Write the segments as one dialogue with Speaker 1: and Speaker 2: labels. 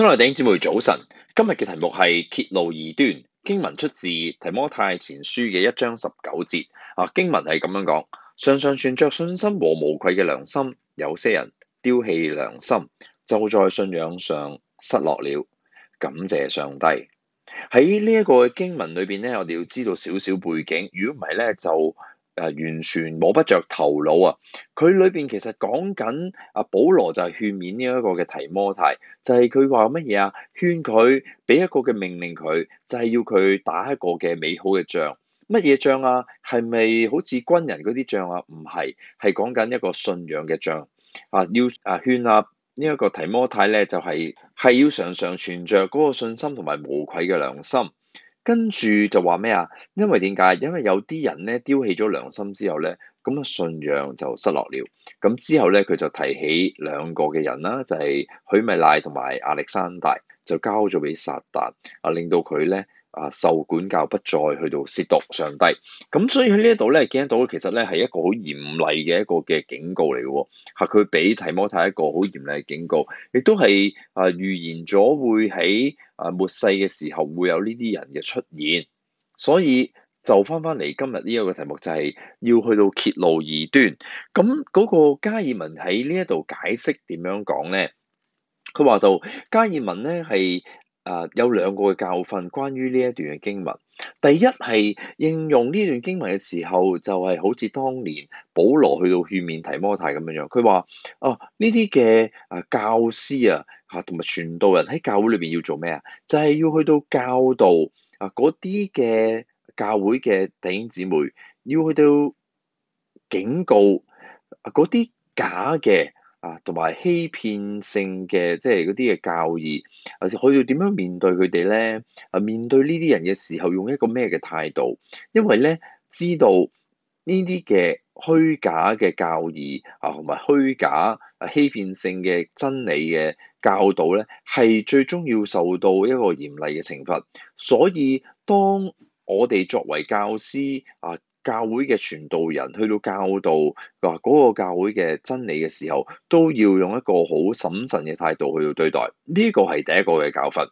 Speaker 1: 親愛的姐妹早晨，今日嘅題目係揭露異端，經文出自提摩太前書嘅一章十九節。啊，經文係咁樣講：常常存著信心和無愧嘅良心，有些人丟棄良心，就在信仰上失落了。感謝上帝。喺呢一個經文裏邊咧，我哋要知道少少背景，如果唔係咧就。啊！完全摸不着頭腦啊！佢裏邊其實講緊，阿保羅就係勸勉呢一個嘅提摩太，就係佢話乜嘢啊？勸佢俾一個嘅命令佢，就係、是、要佢打一個嘅美好嘅仗。乜嘢仗啊？係咪好似軍人嗰啲仗啊？唔係，係講緊一個信仰嘅仗啊！要勸啊勸啊呢一個提摩太咧，就係、是、係要常常存着嗰個信心同埋無愧嘅良心。跟住就話咩啊？因為點解？因為有啲人咧丟棄咗良心之後咧，咁啊信仰就失落了。咁之後咧，佢就提起兩個嘅人啦，就係、是、許米賴同埋亞歷山大，就交咗俾撒旦啊，令到佢咧。啊！受管教不再去到褻瀆上帝，咁所以喺呢一度咧，見到其實咧係一個好嚴厲嘅一個嘅警告嚟嘅喎，佢俾提摩太一個好嚴厲嘅警告，亦都係啊預言咗會喺啊末世嘅時候會有呢啲人嘅出現，所以就翻翻嚟今日呢一個題目就係要去到揭露異端，咁嗰個加爾文喺呢一度解釋點樣講咧？佢話到加爾文咧係。啊，有兩個嘅教訓關於呢一段嘅經文。第一係應用呢段經文嘅時候，就係、是、好似當年保羅去到勸勉提摩太咁樣樣，佢話：哦、啊，呢啲嘅啊教師啊，嚇同埋傳道人喺教會裏邊要做咩啊？就係、是、要去到教導啊嗰啲嘅教會嘅弟兄姊妹，要去到警告啊嗰啲假嘅。啊，同埋欺騙性嘅，即係嗰啲嘅教義，或者佢要點樣面對佢哋咧？啊，面對呢啲人嘅時候，用一個咩嘅態度？因為咧，知道呢啲嘅虛假嘅教義啊，同埋虛假啊欺騙性嘅真理嘅教導咧，係最終要受到一個嚴厲嘅懲罰。所以，當我哋作為教師啊～教會嘅傳道人去到教導嗱嗰個教會嘅真理嘅時候，都要用一個好審慎嘅態度去到對待，呢個係第一個嘅教訓。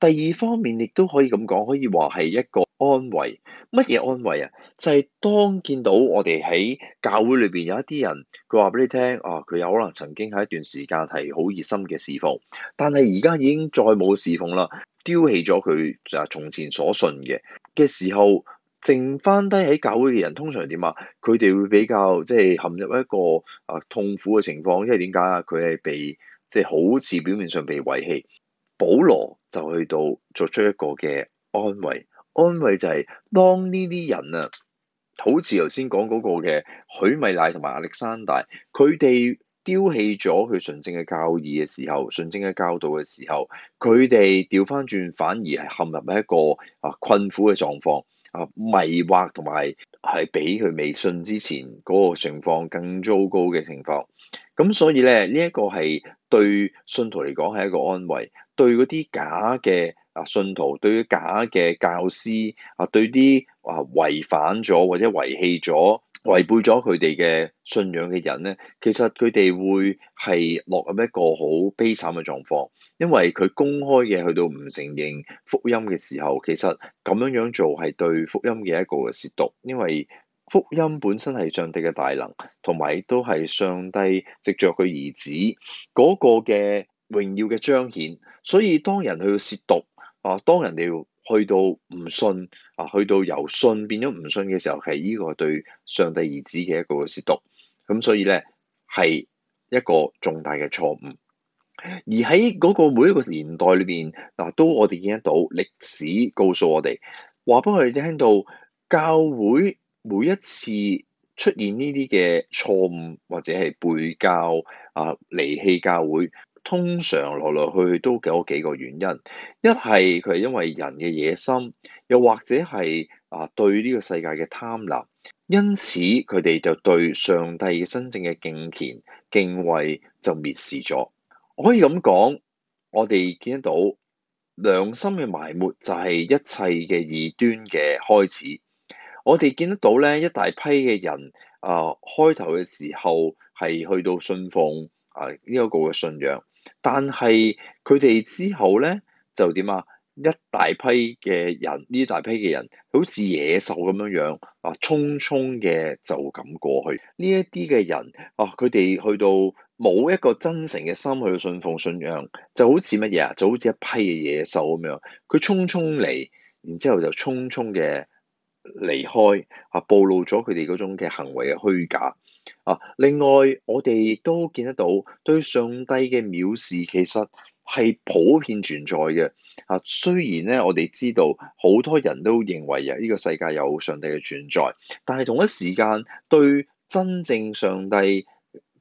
Speaker 1: 第二方面亦都可以咁講，可以話係一個安慰。乜嘢安慰啊？就係當見到我哋喺教會裏邊有一啲人，佢話俾你聽，啊佢有可能曾經喺一段時間係好熱心嘅侍奉，但係而家已經再冇侍奉啦，丟棄咗佢就從前所信嘅嘅時候。剩翻低喺教會嘅人，通常點啊？佢哋會比較即係、就是、陷入一個啊痛苦嘅情況，因為點解啊？佢係被即係、就是、好似表面上被遺棄，保羅就去到作出一個嘅安慰，安慰就係當呢啲人啊，好似頭先講嗰個嘅許米乃同埋亞歷山大，佢哋丟棄咗佢純正嘅教義嘅時候，純正嘅教導嘅時候，佢哋調翻轉反而係陷入一個啊困苦嘅狀況。啊！迷惑同埋係比佢未信之前嗰個情況更糟糕嘅情況，咁所以咧呢一個係對信徒嚟講係一個安慰，對嗰啲假嘅啊信徒，對於假嘅教師啊，對啲啊違反咗或者遺棄咗。違背咗佢哋嘅信仰嘅人咧，其實佢哋會係落入一個好悲慘嘅狀況，因為佢公開嘅去到唔承認福音嘅時候，其實咁樣樣做係對福音嘅一個褻瀆，因為福音本身係上帝嘅大能，同埋都係上帝藉著佢兒子嗰個嘅榮耀嘅彰顯，所以當人去褻瀆啊，當人哋去到唔信啊，去到由信變咗唔信嘅時候，係呢個對上帝兒子嘅一個褻瀆，咁所以咧係一個重大嘅錯誤。而喺嗰個每一個年代裏邊，嗱、啊、都我哋見得到歷史告訴我哋話，不過我哋聽到教會每一次出現呢啲嘅錯誤，或者係背教啊，離棄教會。通常來來去去都幾多幾個原因，一係佢係因為人嘅野心，又或者係啊對呢個世界嘅貪婪，因此佢哋就對上帝嘅真正嘅敬虔、敬畏就蔑視咗。我可以咁講，我哋見得到良心嘅埋沒就係一切嘅異端嘅開始。我哋見得到咧，一大批嘅人啊，開頭嘅時候係去到信奉啊呢一個嘅信仰。但係佢哋之後咧就點啊？一大批嘅人，呢一大批嘅人，好似野獸咁樣樣，啊匆匆嘅就咁過去。呢一啲嘅人啊，佢哋去到冇一個真誠嘅心去信奉信仰，就好似乜嘢啊？就好似一批嘅野獸咁樣。佢匆匆嚟，然之後就匆匆嘅離開，啊暴露咗佢哋嗰種嘅行為嘅虛假。啊！另外，我哋都見得到對上帝嘅藐視，其實係普遍存在嘅。啊，雖然咧，我哋知道好多人都認為啊，呢個世界有上帝嘅存在，但係同一時間對真正上帝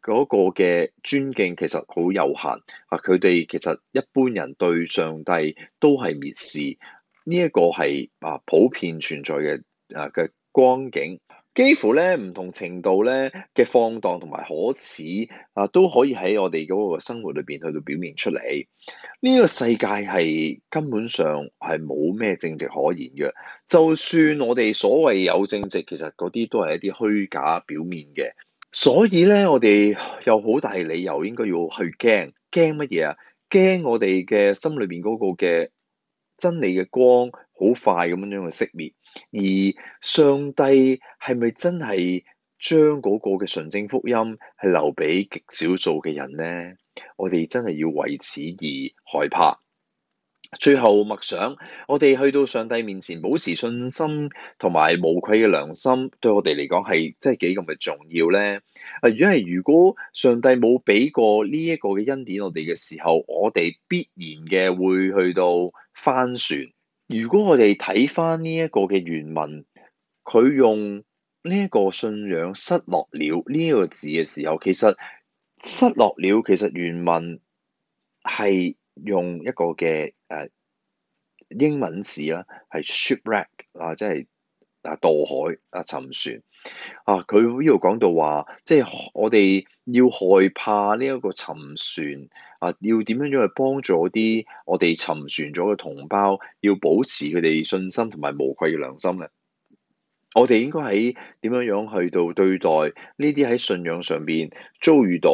Speaker 1: 嗰個嘅尊敬其實好有限。啊，佢哋其實一般人對上帝都係蔑視，呢一個係啊普遍存在嘅啊嘅光景。幾乎咧唔同程度咧嘅放蕩同埋可恥啊，都可以喺我哋嗰個生活裏邊去到表現出嚟。呢個世界係根本上係冇咩正直可言嘅。就算我哋所謂有正直，其實嗰啲都係一啲虛假表面嘅。所以咧，我哋有好大理由應該要去驚驚乜嘢啊？驚我哋嘅心裏邊嗰個嘅。真理嘅光好快咁樣樣去熄滅，而上帝係咪真係將嗰個嘅純正福音係留俾極少數嘅人咧？我哋真係要為此而害怕。最後默想，我哋去到上帝面前保持信心同埋無愧嘅良心，對我哋嚟講，係真係幾咁嘅重要咧。啊，如果係如果上帝冇俾過呢一個嘅恩典我哋嘅時候，我哋必然嘅會去到。翻船，如果我哋睇翻呢一個嘅原文，佢用呢一個信仰失落了呢一個字嘅時候，其實失落了，其實原文係用一個嘅誒、呃、英文字啦，係 shipwreck 啊，即係。渡海啊，沉船啊！佢呢度講到話，即係我哋要害怕呢一個沉船啊，要點樣樣去幫助啲我哋沉船咗嘅同胞，要保持佢哋信心同埋無愧嘅良心嘅。我哋應該喺點樣樣去到對待呢啲喺信仰上邊遭遇到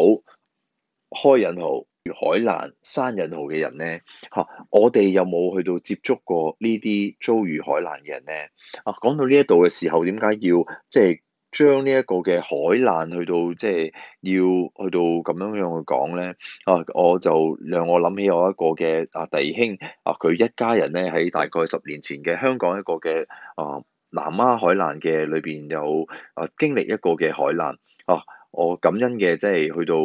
Speaker 1: 開引號海難、山人號嘅人咧，吓、啊、我哋有冇去到接觸過呢啲遭遇海難嘅人咧？啊，講到呢一度嘅時候，點解要即係將呢一個嘅海難去到即係、就是、要去到咁樣樣去講咧？啊，我就讓我諗起我一個嘅啊弟兄啊，佢一家人咧喺大概十年前嘅香港一個嘅啊南丫海難嘅裏邊有啊經歷一個嘅海難啊，我感恩嘅即係去到。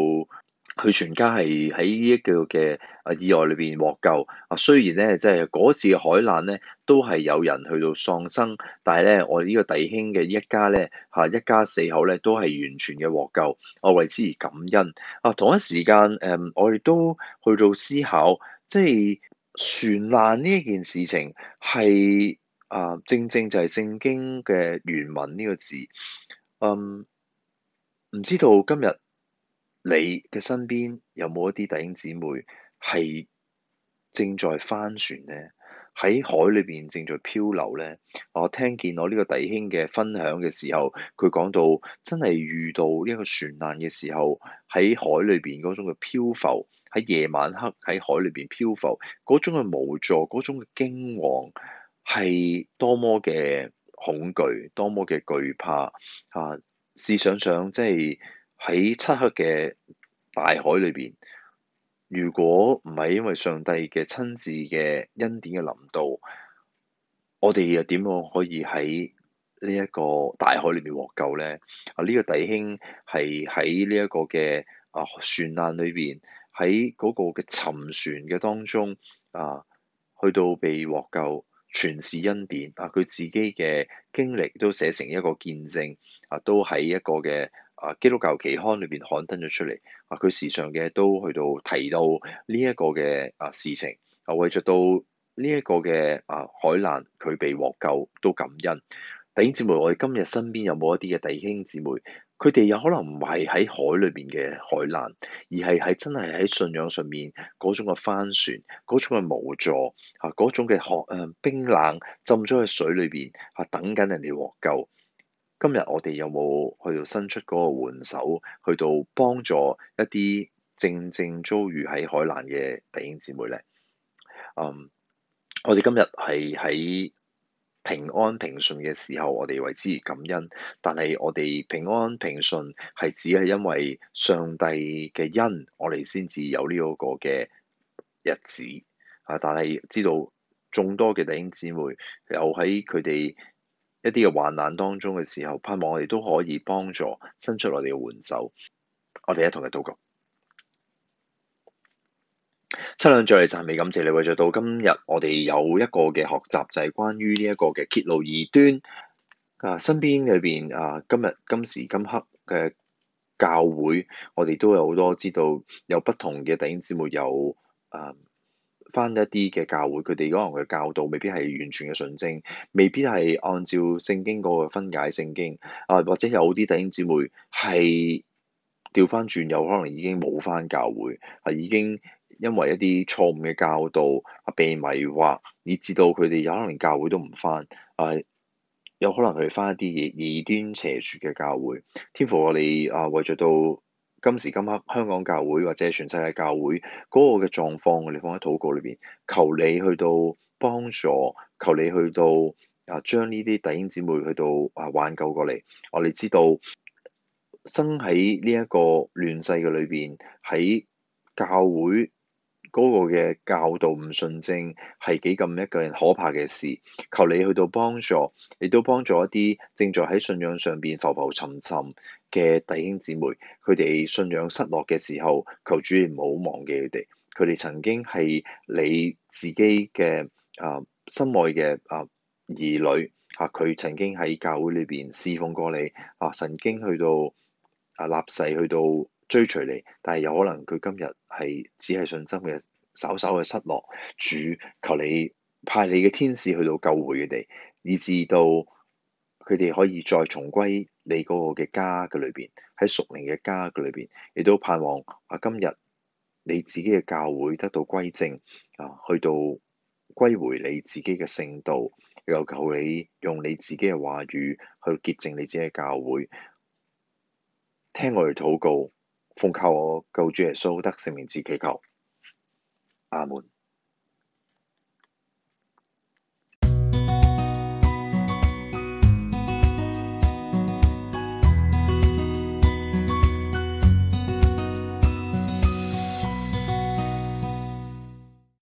Speaker 1: 佢全家係喺呢一個嘅啊意外裏邊獲救啊，雖然咧即係嗰次嘅海難咧都係有人去到喪生，但係咧我呢個弟兄嘅一家咧嚇一家四口咧都係完全嘅獲救，我為之而感恩啊！同一時間誒、嗯，我哋都去到思考，即係船難呢一件事情係啊，正正就係聖經嘅原文呢個字，嗯，唔知道今日。你嘅身邊有冇一啲弟兄姊妹係正在翻船呢？喺海裏邊正在漂流呢？我聽見我呢個弟兄嘅分享嘅時候，佢講到真係遇到呢個船難嘅時候，喺海裏邊嗰種嘅漂浮，喺夜晚黑喺海裏邊漂浮，嗰種嘅無助，嗰種嘅驚惶，係多麼嘅恐懼，多麼嘅懼怕啊！試想想即係。喺漆黑嘅大海裏邊，如果唔係因為上帝嘅親自嘅恩典嘅臨到，我哋又點樣可以喺呢一個大海裏面獲救咧？啊，呢個弟兄係喺呢一個嘅啊船難裏邊，喺嗰個嘅沉船嘅當中啊，去到被獲救，全是恩典啊！佢自己嘅經歷都寫成一個見證啊，都喺一個嘅。啊！基督教期刊裏邊刊登咗出嚟，啊，佢時常嘅都去到提到呢一個嘅啊事情，啊，為著到呢一個嘅啊海難，佢被獲救都感恩。弟兄姊妹，我哋今日身邊有冇一啲嘅弟兄姊妹，佢哋有可能唔係喺海裏邊嘅海難，而係係真係喺信仰上面嗰種嘅翻船，嗰種嘅無助，啊，嗰種嘅寒啊冰冷浸咗喺水裏邊，啊，等緊人哋獲救。今日我哋有冇去到伸出嗰個援手，去到幫助一啲正正遭遇喺海難嘅弟兄姊妹咧？嗯，um，我哋今日係喺平安平順嘅時候，我哋為之感恩。但係我哋平安平順係只係因為上帝嘅恩，我哋先至有呢個嘅日子啊！但係知道眾多嘅弟兄姊妹又喺佢哋。一啲嘅患難當中嘅時候，盼望我哋都可以幫助伸出我哋嘅援手。我哋一同嘅禱告，七兩再嚟讚美，感謝你為着到今日，我哋有一個嘅學習就係、是、關於呢一個嘅揭露異端。啊，身邊裏邊啊，今日今時今刻嘅教會，我哋都有好多知道有不同嘅弟兄姊妹有啊。翻一啲嘅教會，佢哋可能嘅教導未必係完全嘅純正，未必係按照聖經嗰個分解聖經啊，或者有啲弟兄姊妹係調翻轉，有可能已經冇翻教會，係、啊、已經因為一啲錯誤嘅教導啊被迷惑，以至到佢哋有可能連教會都唔翻啊，有可能係翻一啲異異端邪説嘅教會。天父我哋啊為咗到。今時今刻，香港教會或者全世界教會嗰個嘅狀況，我哋放喺禱告裏邊，求你去到幫助，求你去到啊，將呢啲弟兄姊妹去到啊挽救過嚟。我哋知道生喺呢一個亂世嘅裏邊，喺教會。嗰個嘅教導唔順正係幾咁一個人可怕嘅事，求你去到幫助，亦都幫助一啲正在喺信仰上邊浮浮沉沉嘅弟兄姊妹，佢哋信仰失落嘅時候，求主你唔好忘記佢哋，佢哋曾經係你自己嘅啊心愛嘅啊兒女，嚇、啊、佢曾經喺教會裏邊侍奉過你，啊曾經去到啊立誓去到。追隨你，但係有可能佢今日係只係信心嘅稍稍嘅失落。主求你派你嘅天使去到救回佢哋，以至到佢哋可以再重歸你嗰個嘅家嘅裏邊，喺屬靈嘅家嘅裏邊，亦都盼望啊今日你自己嘅教會得到歸正啊，去到歸回你自己嘅聖道，又求你用你自己嘅話語去潔淨你自己嘅教會，聽我哋禱告。奉靠我救主耶穌得勝名字祈求，阿門。